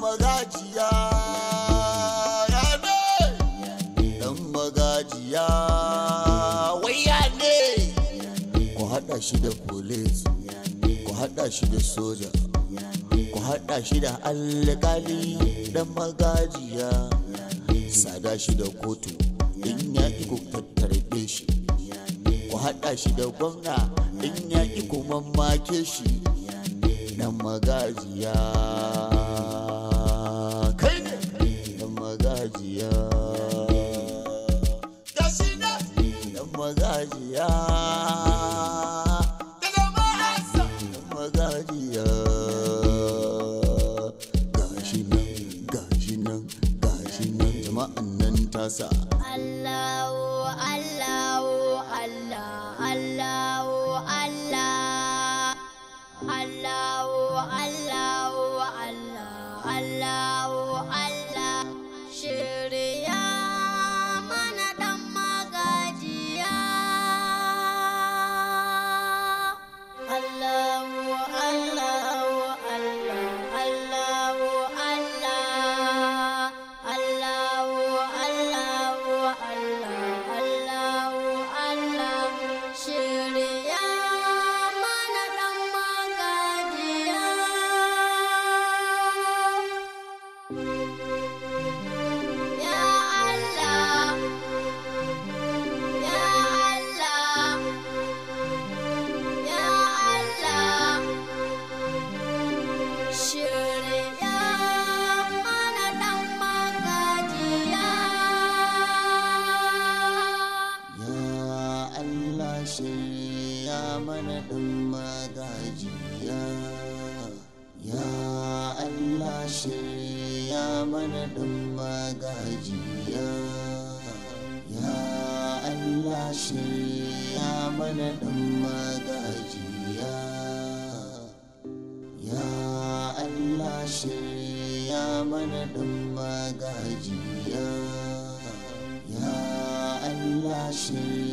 magajiya magajiya wai ya ne ku shi da police ku haɗa shi da soja ku shi da alkali dan magajiya sada shi da kotu in ya ku tattarbe shi ku haɗa shi da gwamna in ya ku mamake shi dan magajiya magajiya magajiya say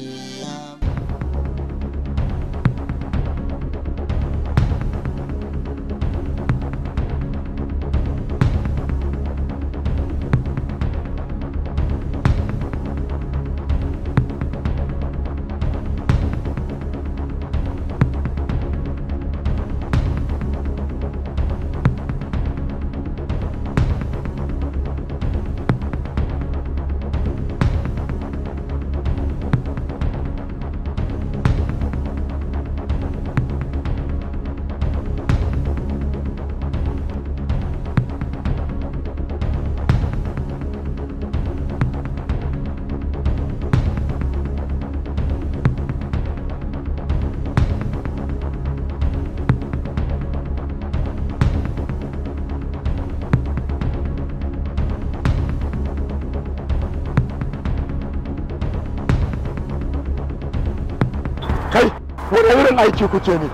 aiki kuke ne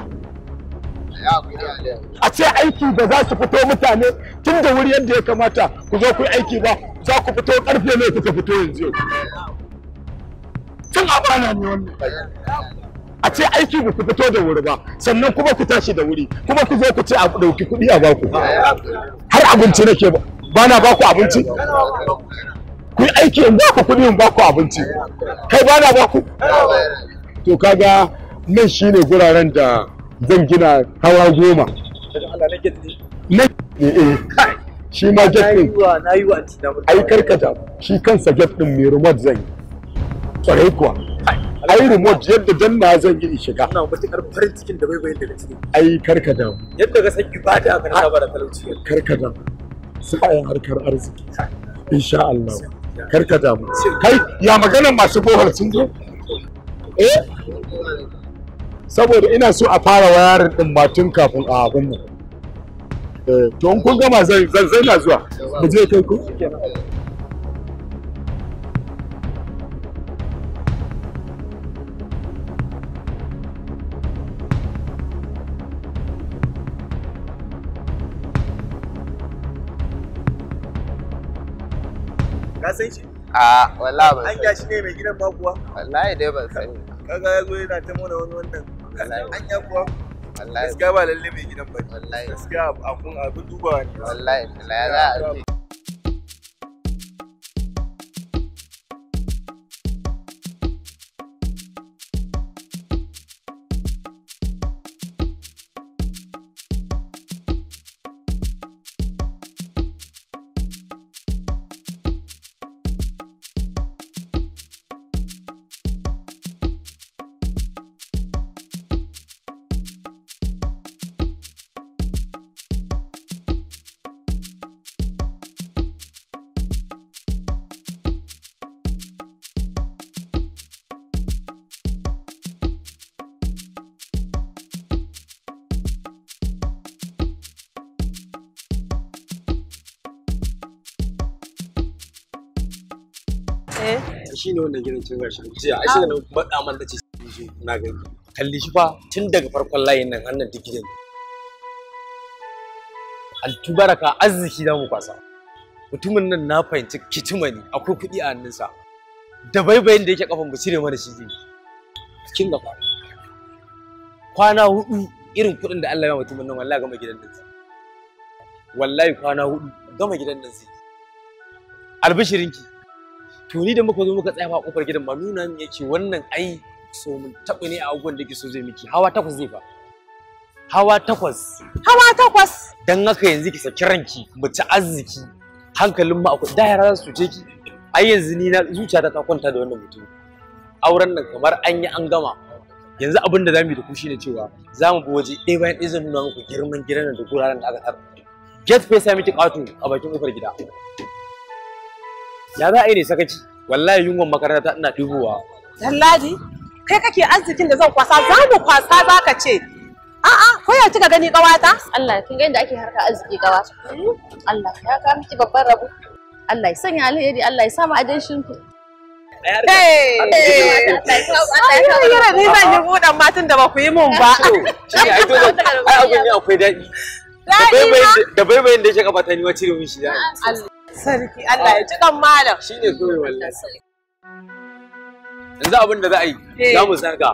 a ce aiki ba za su fito mutane tun da wuri yadda ya kamata ku zo ku yi aiki ba za ku fito karfe ne kuka fito yanzu tun abana ne wannan a ce aiki ba ku fito da wuri ba sannan kuma ku tashi da wuri kuma ku zo ku ce a ɗauki kuɗi a baku har abinci nake ba ba na baku abinci ku yi aiki in baku kuɗi in baku abinci kai ba na baku to kaga nan shi ne guraren da zan gina hawa goma na eh shi ma jet din ai karkata shi kansa get din mai remote zan yi kwarai kuwa ai remote yadda dan na zan yi shiga ina matukar farin cikin da baibayin daga ciki ai karkata yadda ka san ibada ka saba da talauci karkata su bayan harkar arziki insha Allah karkata kai ya maganar masu bohar sun zo eh saboda ina so a fara wayar din ma kafin a abin mu eh, to in kun gama zai zai na zuwa mu je kai ku ka san shi a wallahi ba san an gashi ne mai gidan makuwa wallahi dai ban sani kaga yazo yana ta mana wani wannan Anya kuwa. Wallahi. Gaskiya ba lalle mai gidan ba. Wallahi. Gaskiya abun abun dubawa ne. Wallahi. Ya za a Eh. shi ne wannan gidan cin garshen jiya ai sai da matsa man da ce na gani kalli shi fa tun daga farkon layin nan hannun duk gidan altubaraka arziki za mu kwasa mutumin nan na fahimci kitima ne akwai kuɗi a hannunsa da baibayin da yake kafan ba cire mana shi ne cikin da kwana kwana hudu irin kuɗin da Allah ya mutumin nan wallahi gama gidan nan wallahi kwana hudu gama gidan nan zai albishirinki to ni da muka zo muka tsaya ba kofar gidan ba nuna min yake wannan ai so mun taɓa ne a abubuwan da ke so zai miki hawa takwas zai fa hawa takwas hawa takwas dan haka yanzu ki saki ranki mu ci arziki hankalin mu akwai da yara su ce ki ai yanzu ni na zuciyata ta kwanta da wannan mutum auren nan kamar an yi an gama yanzu abin da zamu yi da ku shine cewa za mu bi waje ɗaya bayan ɗaya zan nuna muku girman gidan da guraren da aka tsara get ya miki ƙato a bakin kofar gida ya za a yi ne sakaci wallahi yungon makaranta ina dubuwa Lalladi, kai kake arzikin da zan kwasa za mu kwasa za ka ce a'a ko ya kika gani kawata Allah kin ga inda ake harka arziki kawata Allah ya ka miki babban rabu Allah ya sanya alheri Allah ya sa mu ajin shinku ku Hey! Yana ni zan yi buɗan matan da ba ku yi mun ba. Shi ai to ai abin ne akwai daɗi. Da baibayin da ya shaka ba ta ni wacce mun shi da. sarki Allah ya ji kan malam shine kawai wallahi yanzu abin da za a yi eh. za mu zaga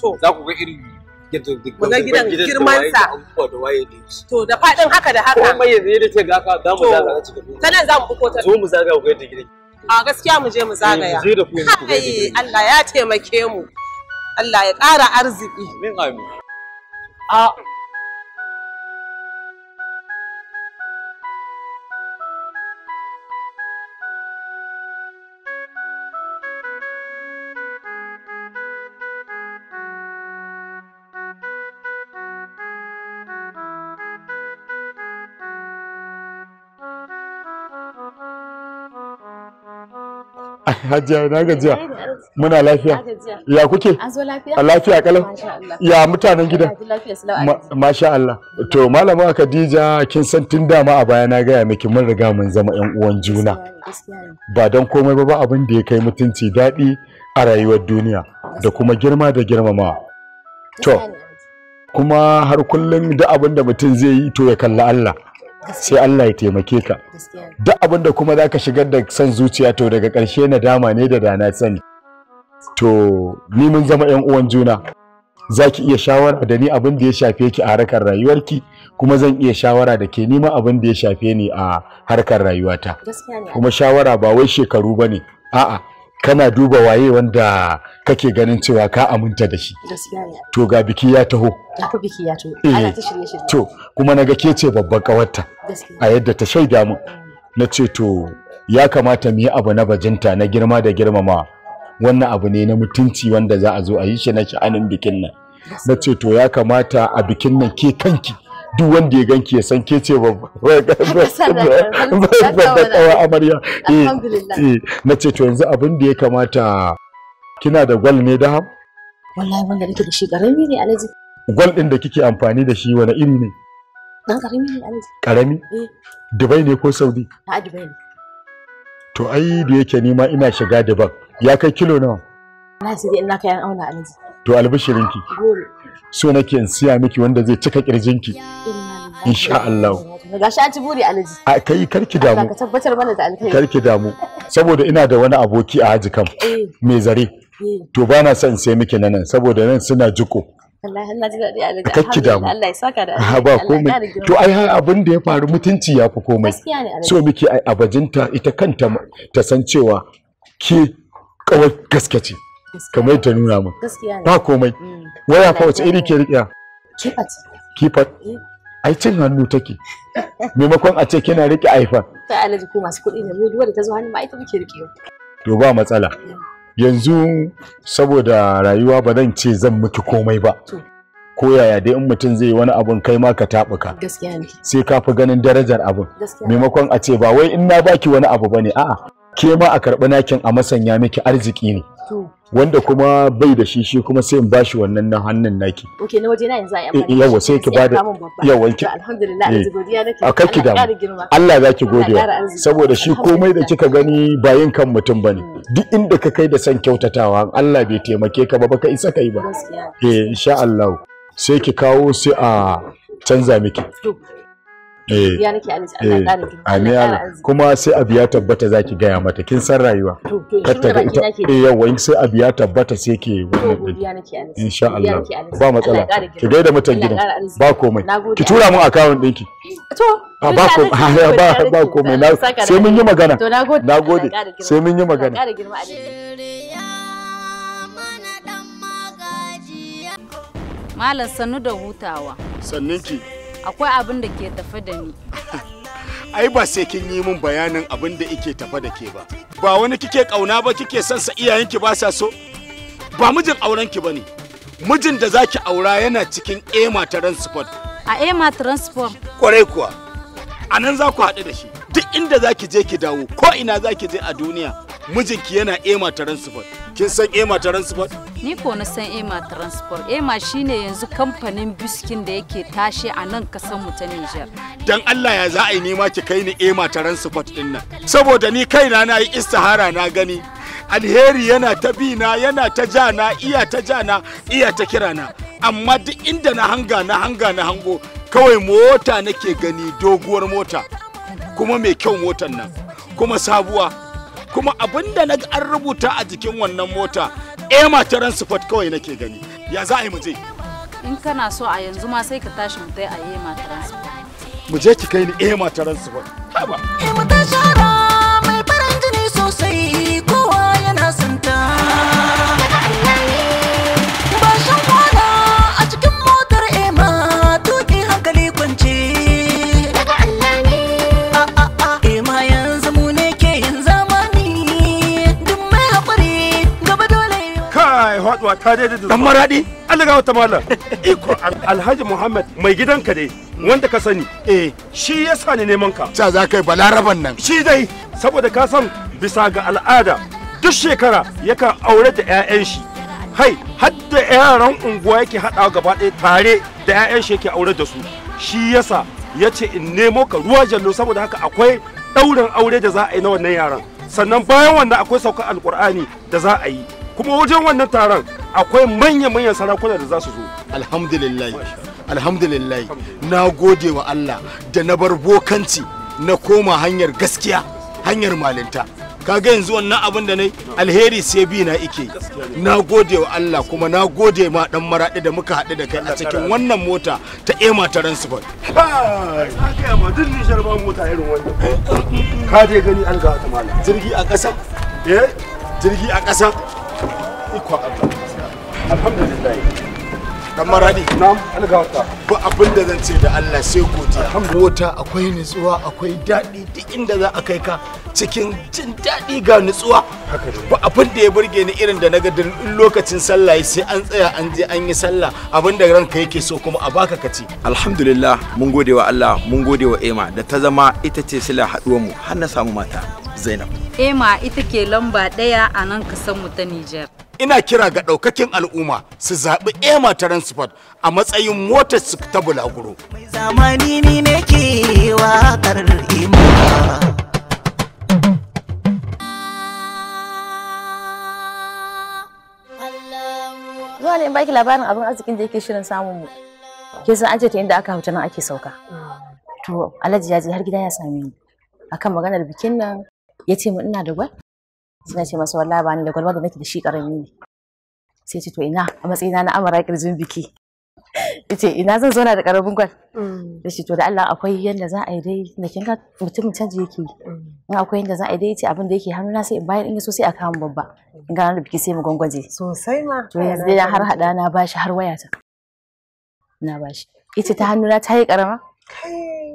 to za ku ga irin Muna gidan girmansa. To da faɗin haka da haka. Ko Kuma yanzu yadda ce ga haka za mu zaga a cikin. Ta nan za mu buko ta. Zo mu zaga ku ga yadda gidan. A gaskiya mu je mu eh, zagaya. Mu je da ku yanzu ku ga yadda Allah ya taimake mu. Allah ya ƙara arziki. Amin amin. A Hajiya eh, na gajiya. Muna lafiya. Ya kuke? a lafiya? Ya mutanen gidan? Masha Allah. To malama Khadija kin san tun dama a baya na gaya miki mun riga mun zama ƴan uwan juna. Ba don komai ba ba abin da ya kai mutunci daɗi a rayuwar duniya da kuma girma da girmamawa. To kuma har kullum duk abin da mutum zai yi to ya kalla Allah. sai Allah ya taimake ka duk abin da kuma zaka shigar da san zuciya to daga ƙarshe na dama ne da dana sani to ni mun zama yan uwan juna zaki iya shawara da ni abin da ya shafe ki a harkar rayuwarki kuma zan iya shawara da ke nima abin da ya shafe ni a harkar rayuwata kuma shawara ba wai shekaru bane a'a kana duba waye wanda kake ganin cewa ka aminta da shi to ga biki ya taho biki eh. to kuma naga ke ce babban kawarta a yadda ta shaida mu mm. na ce to ya kamata mu yi abu na bajinta na girma da girmama wannan abu ne na mutunci wanda za a zo a yi shi na sha'anin bikin nan na ce to ya kamata a bikin nan ke kanki duk wanda ya ganki ya san ke ce babba amarya na ce to yanzu abin da ya kamata kina da gwal ne da ham wallahi wanda nake da shi karami ne alaji gwal din da kike amfani da shi wani iri ne dan karami ne alaji karami eh. dubai ne ko saudi a dubai ne to ai da yake ni ma ina shiga daban ya kai kilo nawa na sai dai ina kai an auna alaji to albishirinki goro so nake in siya miki wanda zai cika kirjinki insha Allah gashi an ci buri alaji a kai karki damu ka tabbatar mana da alkai karki damu saboda ina da wani aboki a haji kam eh. mai zare eh. to ba na son sai miki nan saboda nan suna jiko kakki damu Allah ya saka da ba komai to ai har abin da ya faru mutunci ya fi komai so miki ai abajinta ita kanta ta san cewa ke kawai gaske ce kamar ta nuna min ba komai mm. waya fa wace iri ke riƙa kifat kifat ai cin hannu take maimakon a ce kina riƙe iphone ta alaji ko masu kuɗi ne mu duwa da ta zo hannu ma ita muke riƙe to ba matsala mm. yanzu saboda rayuwa ba zan ce zan miki komai ba ko yaya dai in mutum zai yi wani abun kai ma ka taɓuka sai ka fi ganin darajar abun maimakon a ce ba wai in na baki wani abu ba ne? a'a ke ma a karɓi nakin a masanya miki arziki ne wanda kuma bai da shi shi kuma sai in bashi wannan na hannun naki okay na waje na yanzu yi amfani eh, eh, yawa sai ki da yawa ki alhamdulillah yanzu eh, godiya nake a da zaki godiya saboda shi komai da kika gani ba yin kan mutum bane hmm. duk inda ka kai da san kyautatawa Allah bai taimake ka ba baka isa kai ba eh insha Allah sai ki kawo sai a canza miki Eh. ya nake eh. alhaji Allah ƙara kuma sai abu ya tabbata zaki gaya mata kin san rayuwa katta da ita eh, yawa in sai abu ya tabbata sai ke wannan insha Allah ba matsala ki gaida mutan gidan ba komai ki tura mun account ɗinki to ah, ba ba ba komai sai mun yi magana nagode sai mun yi magana Malam sannu da hutawa. Sanninki. akwai abin da ke tafe da ni ai ba sai kin yi min bayanin abin da ike tafe da ke ba ba wani kike kauna ba kike son sa iyayenki ba sa so ba mijin auren ki bane mijin da zaki aura yana cikin ema transport a ema transport kwarai kuwa a nan za ku haɗu da shi duk inda zaki je ki dawo ko ina zaki je a duniya mijinki yana ema transport kin san ema transport ni ko na san ema transport ema shine yanzu kamfanin biskin da yake tashe a nan kasan mu ta Niger dan Allah ya za a yi nema ki kai ni ema transport din nan saboda ni kaina na yi istihara na gani alheri yana ta bi na yana ta ja na iya ta ja na iya ta kira na. amma duk inda na hanga na hanga na hango kawai mota nake gani doguwar mota kuma mai kyau motan nan kuma sabuwa kuma abinda na an rubuta a jikin wannan mota ema eh, taran sport kawai nake gani ya za a muje. in kana so a yanzu ma sai ka tashi mu tai a yi taran sport mu je ki kai ni ema eh, taran sport haba eh, kuwa ta daidai da dan maradi Allah gawa ta mallam iko Alhaji Muhammad mai gidanka dai wanda ka sani eh shi yasa ni neman ka ta za kai balaraban nan shi dai saboda ka san bisa ga al'ada duk shekara yakan aure da 'ya'yan shi hai har da yaran unguwa yake haɗa gaba ɗaya tare da 'ya'yan shi yake aure da su shi yasa ya ce in nemo ka ruwa jallo saboda haka akwai ɗaurin aure da za a yi na wannan yaran sannan bayan wannan akwai saukar alkur'ani da za a yi kuma wajen wannan taron akwai manya-manyan sarakuna da za su zo alhamdulillah alhamdulillah na gode wa Allah da na bar bokanci na koma hanyar gaskiya hanyar malinta kaga yanzu wannan abin da nai alheri sai bi na ike na gode wa Allah kuma na gode ma dan maraɗi da muka haɗu da kai a cikin wannan mota ta ema ta ransifon ka je gani an ga ta mala jirgi a ƙasa eh jirgi a ƙasa ikon Allah alhamdulillah dan maradi na'am ba abin da zan ce da Allah sai godiya alhamdulillah akwai nutsuwa akwai daɗi duk inda za a kai ka cikin jin daɗi ga nutsuwa ba abin da ya burge ni irin da naga duk lokacin sallah sai an tsaya an je an yi sallah abin da ranka yake so kuma a baka kaci alhamdulillah mun gode wa Allah mun gode wa Ema da ta zama ita ce sila haɗuwar mu har na samu mata Zainab ema ita ke lamba ɗaya a nan mu ta Nijar. Ina kira ga ɗaukakin al'umma su zaɓi ema transport a matsayin motar su ta bulaguro. Mai zamani ni ne ke waƙar ima. Zuwa ne baki labarin abin arzikin da yake shirin samun mu. Ke san an ce ta inda aka hauta nan ake sauka. Mm. To Alhaji ya je har gida ya same ni. Akan maganar bikin nan ya ce min ina da gwal sai na ce masa wallahi ba ni da gwal ba da nake da shi karami ne sai ce to ina a matsayina na amara kirjin biki yace ina zan zauna da karamin gwal da mm. shi to da Allah akwai yanda za a yi dai da kin ga mutumin canji yake mm. in akwai yanda za a yi dai yace abin da yake hannu na sai in bayar in yaso sai a kawo babba in ga da biki sai mu gwangwaje sosai ma to yanzu dai har hada na bashi har wayata na bashi ita ta hannu na ta yi karama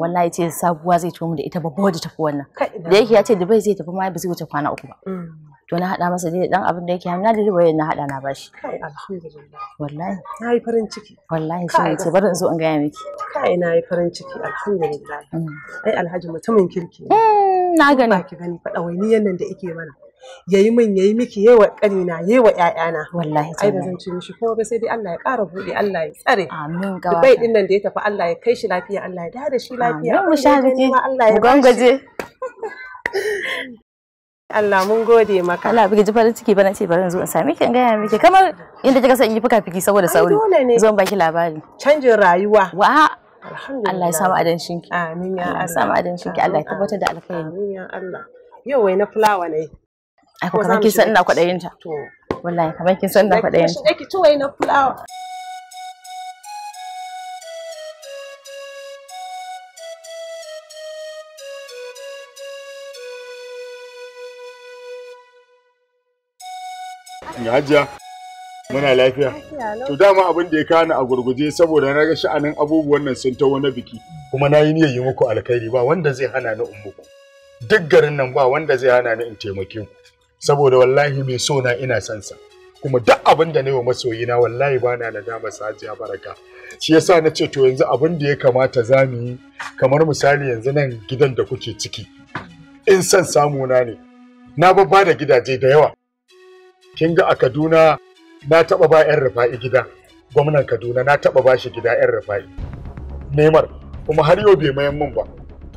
wallahi ce sabuwa zai tuwo mu da ita babba wadda tafi wannan da yake ya ce da bai zai tafi ma ba zai wuce kwana uku ba mm. to na hada masa dai dan abin da yake hannu na da Dubai na hada na bashi kai alhamdulillah wallahi na yi farin ciki wallahi sai ce bari in zo in gaya miki kai na yi farin ciki alhamdulillah mm. ai alhaji mutumin kirki mm, na gani ba ki gani fa dawainiyan nan da yake mana ya yi min ya yi miki yayi wa kanina yayi wa ƴaƴana wallahi ai ba zan ci shi kuma ba sai dai Allah ya ƙara buɗe Allah ya tsare amin ga bai ɗin nan da ya tafi Allah ya kai shi lafiya Allah ya da shi lafiya amin mu sha biki ya gangaje Allah mun gode maka. Allah biki ji farin ciki bana ce bari zo in same ki in gaya miki kamar inda kika san in yi fuka fiki saboda sauri. Zan baki labari. Canjin rayuwa. Wa Allah ya samu adanshin ki. Amin ya Allah. Ya samu adanshin ki Allah ya tabbatar da alkhairi. Amin ya Allah. Yau wai na fulawa ne. ai ko kamar kin san ina kwaɗayin ta to wallahi kamar kin san ina kwaɗayin ta ki na fulawa Ya hajiya muna lafiya to dama abin da ya kana a gurguje saboda na ga sha'anin abubuwan nan sun ta na biki kuma na yi niyyar yi muku alkhairi ba wanda zai hana ni in muku duk garin nan ba wanda zai hana ni in taimake ku saboda wallahi mai so na ina son sa kuma duk abin da na yi wa masoyina wallahi ba na dama sajiya baraka shi yasa na ce to yanzu abin da ya kamata za mu yi kamar misali yanzu nan gidan da kuke ciki in son samu na ne na babba da gidaje da yawa kin ga a Kaduna na taba ba yan rufa'i gida gwamnan Kaduna na taba ba shi gida yan rufa'i Neymar kuma har yau bai mayan min ba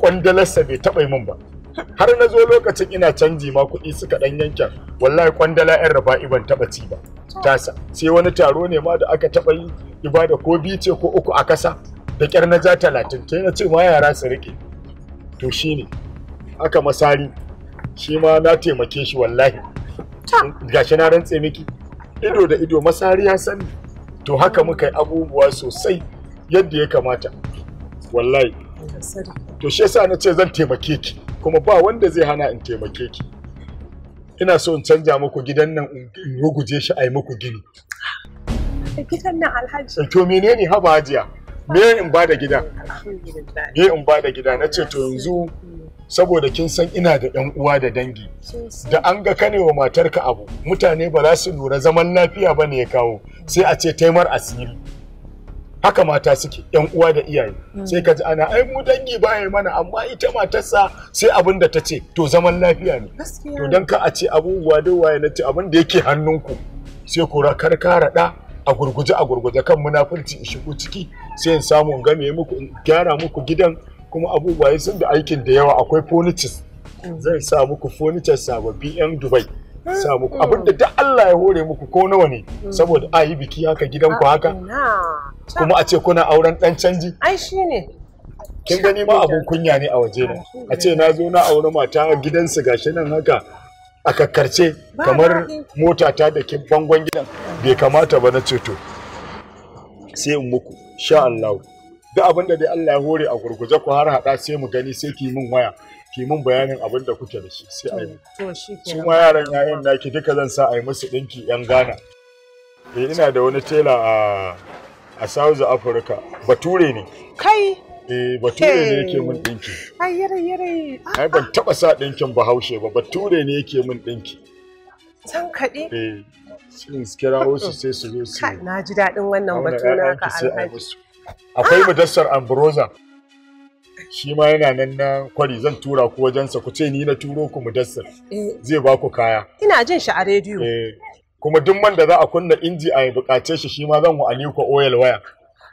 kwandalarsa bai taba yi min ba har na zo lokacin ina canji ma kuɗi suka ɗan yankin wallahi kwandala yan raba ban taɓa ci ba tasa sai wani taro ne ma da aka taɓa yi ibada ko biyu ce ko uku a ƙasa. da ƙyar na ja talatin ta na ce ma yara su riƙe to shi ne, aka masari shi ma na taimake shi wallahi gashi na rantse miki ido da ido masari ya sani to haka muka yi abubuwa sosai yadda ya kamata wallahi to shi yasa na ce zan taimake ki kuma ba wanda zai hana in taimake ki ina so in canja muku gidan nan in ruguje shi a yi muku gini gidan nan alhaji to menene haba hajiya me in ba da gidan me in ba da gida na ce to yanzu saboda kin san ina da ɗan uwa da dangi da an ga kane wa matarka abu mutane ba za su lura zaman lafiya ba ne ya kawo sai a ce taimar asiri haka mata suke yan uwa da iyaye mm. sai ka ji ana ai mu dangi baya mana amma ita matarsa sai abin da ta ce to zaman lafiya ne to dan ka a ce abubuwa da waye na ce abin da yake hannunku sai ku ka rada a gurguje a gurguje kan munafurci in shigo ciki sai in samu in game muku in gyara muku gidan kuma abubuwa sun da aikin da yawa akwai furniture mm. zai sa muku furniture sababbi yan dubai samu abin mm. abinda duk Allah ya hore muku ko nawa ne mm. saboda a yi biki haka gidanku haka ah, kuma a ce kuna auren dan canji ai shine kin gani ma abun kunya ne a waje na ah, a ce na zo na auri mata gidansu gashi nan haka a kakkarce kamar mota ta da kin bangon gidan bai kamata ba na ceto sai in muku sha Allah duk abinda dai Allah ya hore a gurguje ku har hada sai mu gani sai ki min waya ki mun bayanin abin da kuke da shi sai a yi su ma yaran yayan naki duka zan sa a yi musu ɗinki yan Ghana eh ina da wani tela a a South Africa bature ne kai eh bature ne yake mun ɗinki ai yare yare ai ah, ban ah. taba sa ɗinkin bahaushe ba bature ne yake mun ɗinki san kadi eh sun kirawo su sai su zo su na ji daɗin wannan batu naka alhaji akwai ah! mudassar ambrosia shi ma yana nan na kwari zan tura ku wajensa ku ce ni na turo ku mudassir eh. zai ba ku kaya ina jin shi a rediyo eh. kuma duk man da za a kunna inji a bukace shi shi ma zan wa Aliko oil waya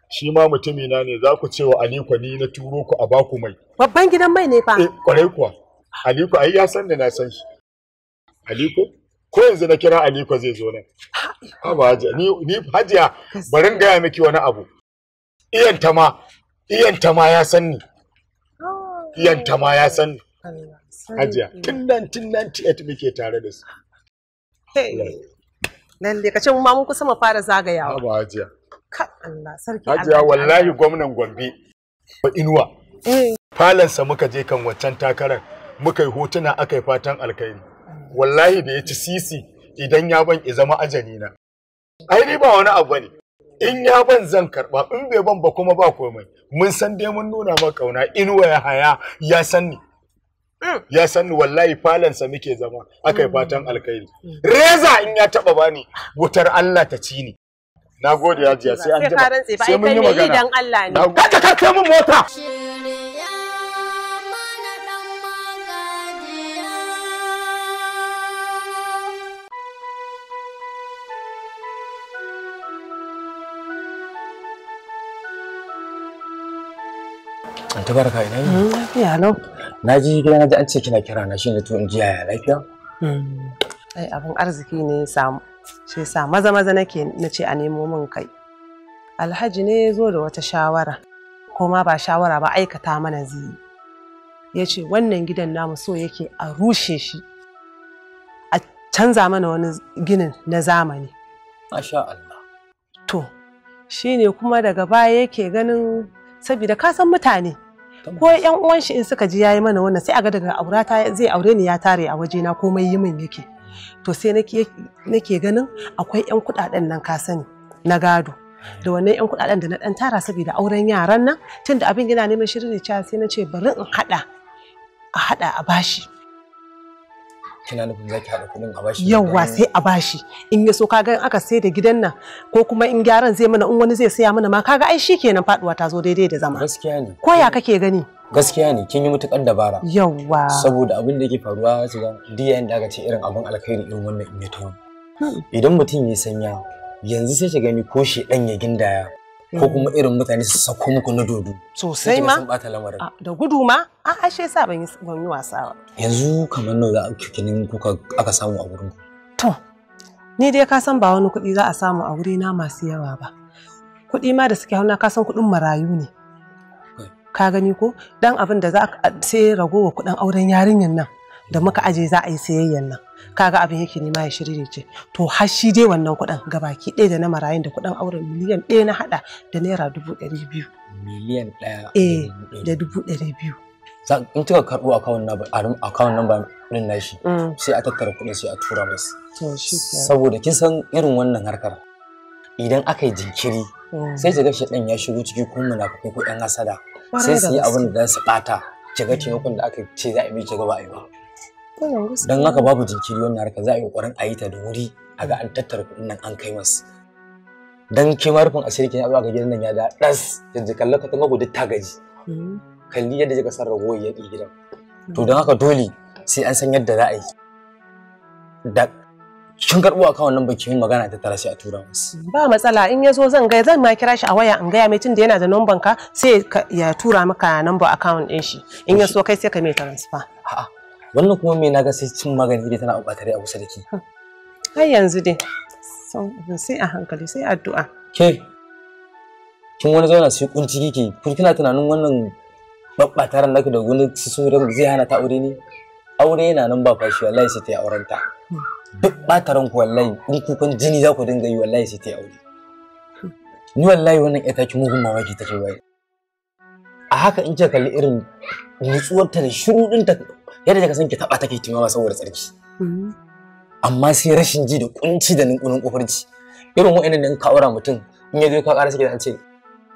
shi ma mutumi na ne za ku ce wa Aliko ni na turo ku a baku mai babban gidan mai ne fa eh kwarai kuwa Aliko ai ya san da na san shi Aliko ko yanzu na kira Aliko zai zo nan ba Hajiya ni ni Hajiya barin gaya miki wani abu iyan ta ma iyan ta ma ya san ni yanta ma ya sani hajiya tun 1998 muke tare da su nan dai kace mu ma mun kusa mu fara zagayawa ba hajiya ka Allah sarki hajiya wallahi gwamnan Gombe ba inuwa eh. falansa muka je kan waccan takarar muka yi hotuna aka yi fatan alkairi. wallahi da ya ci sisi idan ya ban zama ajali na ai ni ba wani abu ne in ya ban zan karba in bai ban ba kuma ba komai mun san dai mun nuna ma kauna in waya haya ya san ni ya san ni wallahi falansa muke zama akai mm. fatan alkhairi mm. reza in ya taba bani wutar Allah ta ci ni nagode ya jiya sai an ji sai mun yi magana dan Allah ne ka mota An ina yi. Hmm, lafiya Na ji gidan naji an ce kina kira na shine to in ji yaya lafiya? Hmm. Ai abin arziki ne ya samu. sai sa maza maza nake na ce a nemo min kai. Alhaji ne ya zo da wata shawara. Koma ba shawara ba aikata mana zi Ya ce wannan gidan namu so yake a rushe shi. A canza mana wani ginin na zamani. Masha Allah. To, shine kuma daga baya yake ganin saboda kasan mutane ko yan uwan shi in suka ji yayi mana wannan sai a ga daga aurata zai aure ni ya tare a waje na komai yi min yake to sai nake ganin akwai yan kuɗaɗen nan ka sani na gado da wannan yan kuɗaɗen da na dan tara saboda auren yaran nan tunda abin yana neman shirin ne sai na ce bari in hada a hada a bashi kina nufin zaki haɗa kuɗin a bashi sai a bashi in ya so kaga aka sai da gidan nan ko kuma in gyaran zai mana in wani zai saya mana ma kaga ai kenan faduwa ta zo daidai da zama gaskiya ne ko ya kake gani gaskiya ne kin yi mutukan dabara yawa saboda abin da yake faruwa ga diya da aka ce irin abin alkhairi irin wannan in ya tawo hmm. idan mutum ya sanya yanzu sai ki gani ko shi dan ya gindaya ko kuma irin mutane su sako muku na dodo sosai ma da gudu ma a ashe sa ban yi wasa ba yanzu kamar nawa za a kikinin kuka aka samu a wurin to ni dai ka san ba wani kuɗi za a samu a wurina masu yawa ba kuɗi ma da suke hauna ka san kuɗin marayu ne ka gani ko dan abin da za a sai ragowa kuɗin auren yarinyar nan da muka aje za a yi sayayyan nan kaga abin yake nema ya shirye ce to har shi dai wannan kuɗin gabaki ɗaya da na marayun da kuɗin auren miliyan ɗaya na haɗa da naira dubu ɗari biyu miliyan ɗaya eh da dubu ɗari biyu in kika karɓo akawun na akawun namba ɗin nashi mm. sai a tattara kuɗin sai a tura mai saboda kin san irin wannan harkar idan aka yi jinkiri mm. sai ta gashi ɗan ya shigo ciki kuma muna ko ƴan asada sai su yi abin da za su ɓata ki ga taimakon da aka ce za a yi ki ga ba a yi ba don haka babu jinkiri wannan harka za a yi ƙoƙarin a yi ta da wuri a ga an tattara kuɗin nan an kai masu dan ke ma rufin asiri ke zuwa ga gidan nan ya da ɗas yanzu kallon ka tunga gudu ta gaji hmm. kalli yadda zai kasar ragowar ya ɗi gidan hmm. to don haka dole sai an san yadda za a yi da kin karɓo a kawon nan baki magana ta tara sai a tura masu. ba matsala in ya zo zan gaya zan ma kira shi a waya in gaya mai tun da yana da numban ka sai ya tura maka number account ɗin shi in ya so kai sai ka mai transfer. a'a wannan kuma me naga sai cin magani da tana buƙatar a kusa da ki har yanzu dai sai a hankali sai addu'a ke kin wani zauna sai kunci kike kun kina tunanin wannan babbataran naka da wani su da zai hana ta aure ne aure yana nan ba fashi wallahi sai ta yi auren ta babbataran hmm. ku wallahi in kun jini za ku dinga yi wallahi sai ta yi aure hmm. ni wallahi wannan ita ki mugun ta take wai a haka in ce kalli irin nutsuwar ta da shiru din ta yadda ka san ki taba take kima saboda tsarki amma sai rashin ji da kunci da ninkunin kofarci irin wa'annan nan ka aura mutum in ya zo ka ƙara da an ce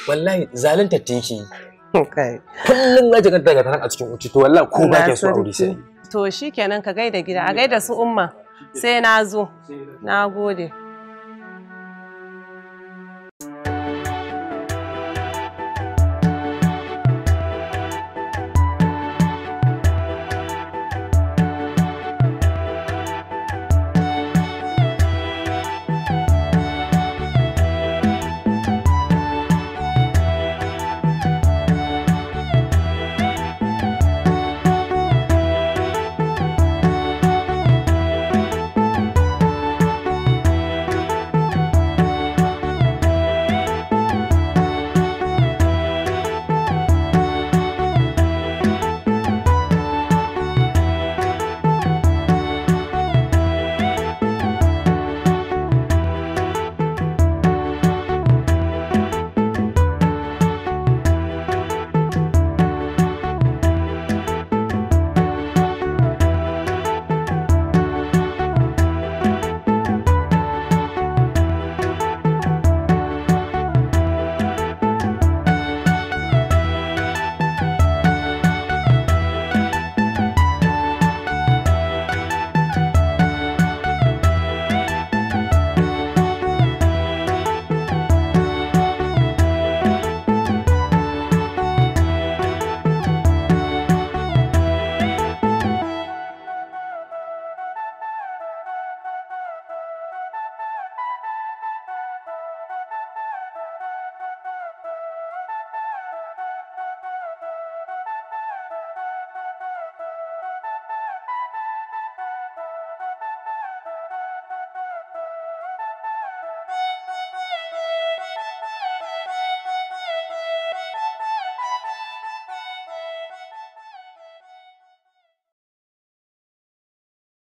wallahi zalunta ta yake yi kullum na jikin daga tanan a cikin uci to wallahi ko ba ke so aure sai to shikenan ka gaida gida a gaida su umma sai na zo na gode